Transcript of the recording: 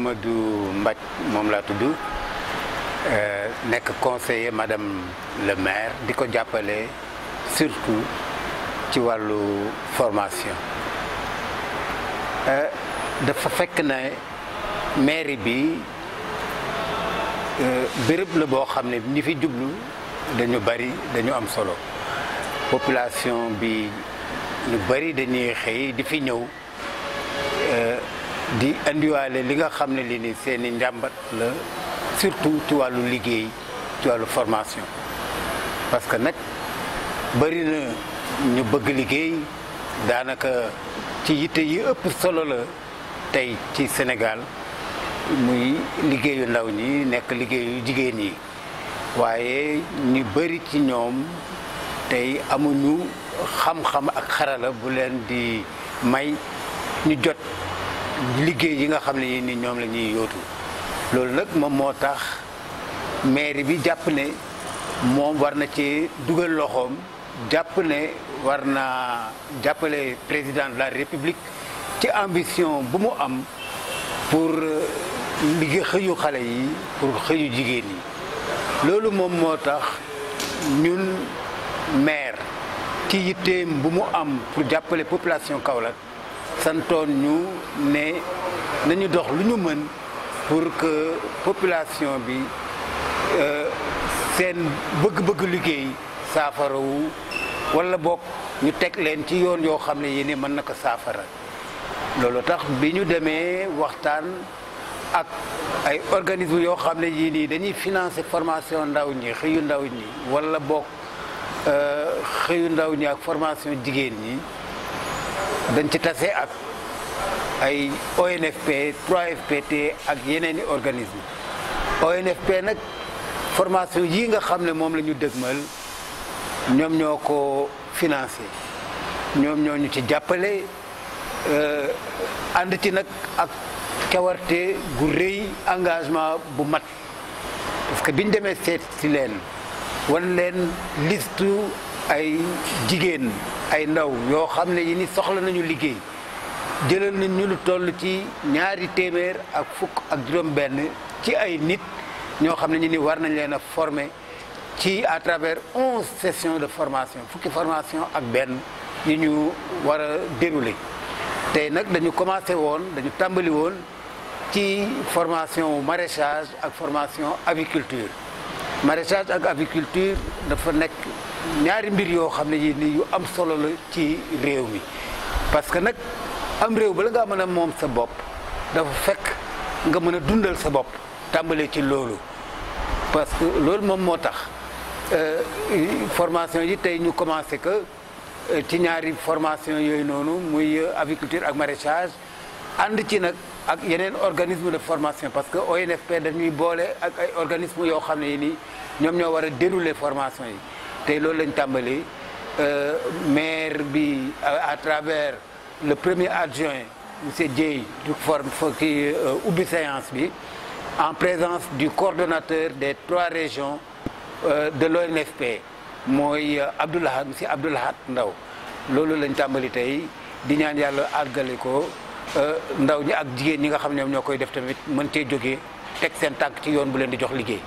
Mamadou Mbaj la laa euh, nekk conseiller madame le maire di ko surtout ci wàllu formation euh, dafa fekk na mairie bi euh, béréb la le xam ni ñi fi djublu dañu bari dañu am solo population bi ñu bari dañuy xey di fi ñew di indiwaale li nga xam ne li ni seeni njàmbat la surtout ci wàllu liggéey ci wàllu formation parce que nag bëri na ñu bëgg liggéey daanaka ci yitte yi ëpp solo la tey ci Sénégal muy liggéeyu ndaw ñi nekk liggéeyu jigéen yi waaye ñi bëri ci ñoom tey amuñu xam-xam ak xarala bu leen di may ñu jot liggéey yi nga xamné ni ñoom lañuy yotu yóotu loolu nag moom maire bi japp né mom warna ci duggal loxom japp né warna jappelé président de la république ci ambition bu mu am pour euh, liggéey xeyu xalé yi pour xeyu jigéen yi loolu mom motax ñun maire ci yitéem bu mu am pour jappelé population Kaolack santoon ñu ne nañu dox lu ñu mën pour que population bi euh, seen bëgg-bëgg liggéey saafarawu wala bokk ñu teg leen ci yoon yoo xam ne yi yéen mën na ko saafara loolu tax bi ñu demee waxtaan ak ay organisme yoo xam ne yii nii dañuy financer formation ndaw ñi xëyu ndaw ñi wala bokk euh, xëyu ndaw ñi ak formation jigéen ñi dañ ci tase ak ay ONFP 3FPT ak yeneen i organisme ONFP nag formation yii nga xam ne moom la ñu dëgmal ñoom ñoo ko financé ñoom ñoo ñu ci jàppale euh, ànd ci nag ak kewarte gu rëy engagement bu mat parce que biñ demee seet si leen wan leen liste ay jigéen ay ndaw yoo xam ni soxla nañu liggéey jëlal nañ ñu lu toll ci ñaari téeméer ak fukk ak juróom-benn ci ay nit ñoo xam ni war nañ former ci à travers 11 sessions de formation fukki formation ak benn yi ñu war a dérouler tey dañu commencé woon dañu tàmbali woon ci formation maraîchage ak formation aviculture maraîchage ak agriculture dafa nek ñaari mbir yo xamné ni yu am solo la ci réew mi parce que nak am réew ba la nga mëna mom sa bop dafa fekk nga mëna dundal sa bop tambalé ci lolu parce que lolu mom motax euh formation yi tay ñu commencé que euh, ci ñaari formation yoy nonu muy euh, agriculture ak maraîchage and ci nak ak yeneen organisme de formation parce que ONFP dañuy boole ak ay organisme yoo xam ne nii ñoom ñoo war a dérouler formation yi tey loolu lañ tàmbali euh, maire bi à travers le premier adjoint monsieur Dieye du forme qui euh, ubbi séance bi en présence du coordonnateur des trois régions euh, de l'ONFP mooy Abdoulahat monsieur Abdoulaye Ndaw loolu lañ tàmbali tey di ñaan yàlla àggale ko Euh, ndaw ñi ak jigéen ñi nga xam ne ñoo koy def tamit mën tee jógee teg seen tànk ci yoon bu leen di jox liggéey